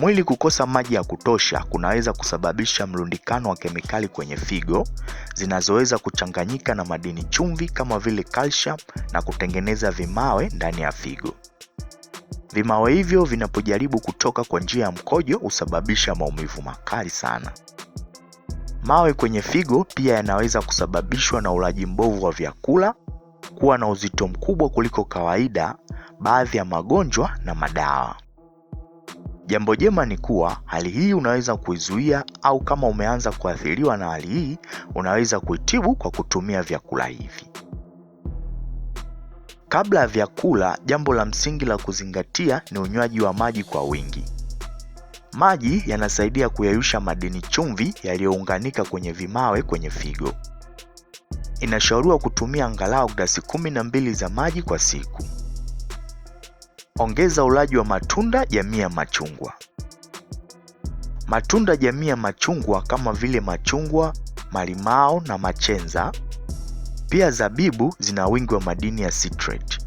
Mwili kukosa maji ya kutosha kunaweza kusababisha mlundikano wa kemikali kwenye figo zinazoweza kuchanganyika na madini chumvi kama vile calcium na kutengeneza vimawe ndani ya figo. Vimawe hivyo vinapojaribu kutoka kwa njia ya mkojo husababisha maumivu makali sana. Mawe kwenye figo pia yanaweza kusababishwa na ulaji mbovu wa vyakula, kuwa na uzito mkubwa kuliko kawaida, baadhi ya magonjwa na madawa. Jambo jema ni kuwa hali hii unaweza kuizuia au kama umeanza kuathiriwa na hali hii unaweza kuitibu kwa kutumia vyakula hivi. Kabla ya vyakula, jambo la msingi la kuzingatia ni unywaji wa maji kwa wingi. Maji yanasaidia kuyayusha madini chumvi yaliyounganika kwenye vimawe kwenye figo. Inashauriwa kutumia angalau glasi 12 na mbili za maji kwa siku. Ongeza ulaji wa matunda jamii ya machungwa. Matunda jamii ya machungwa kama vile machungwa, malimao na machenza. Pia zabibu zina wingi wa madini ya citrate.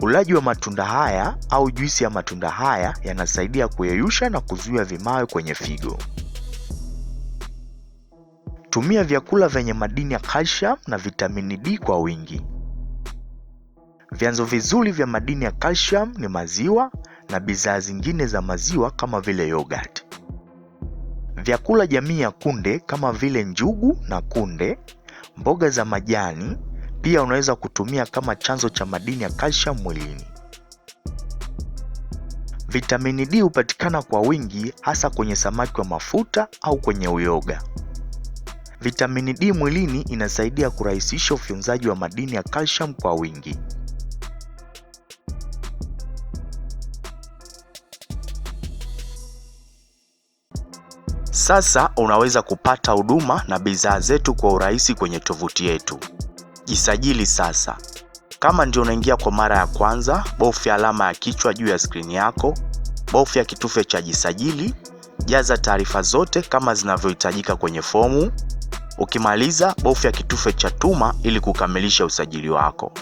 Ulaji wa matunda haya au juisi ya matunda haya yanasaidia kuyeyusha na kuzuia vimawe kwenye figo. Tumia vyakula vyenye madini ya calcium na vitamini D kwa wingi. Vyanzo vizuri vya madini ya calcium ni maziwa na bidhaa zingine za maziwa kama vile yogurt. Vyakula jamii ya kunde kama vile njugu na kunde, mboga za majani pia unaweza kutumia kama chanzo cha madini ya calcium mwilini. Vitamini D hupatikana kwa wingi hasa kwenye samaki wa mafuta au kwenye uyoga. Vitamini D mwilini inasaidia kurahisisha ufyonzaji wa madini ya calcium kwa wingi. Sasa unaweza kupata huduma na bidhaa zetu kwa urahisi kwenye tovuti yetu. Jisajili sasa. Kama ndio unaingia kwa mara ya kwanza, bofya alama ya kichwa juu ya skrini yako, bofya kitufe cha jisajili, jaza taarifa zote kama zinavyohitajika kwenye fomu. Ukimaliza, bofya kitufe cha tuma ili kukamilisha usajili wako.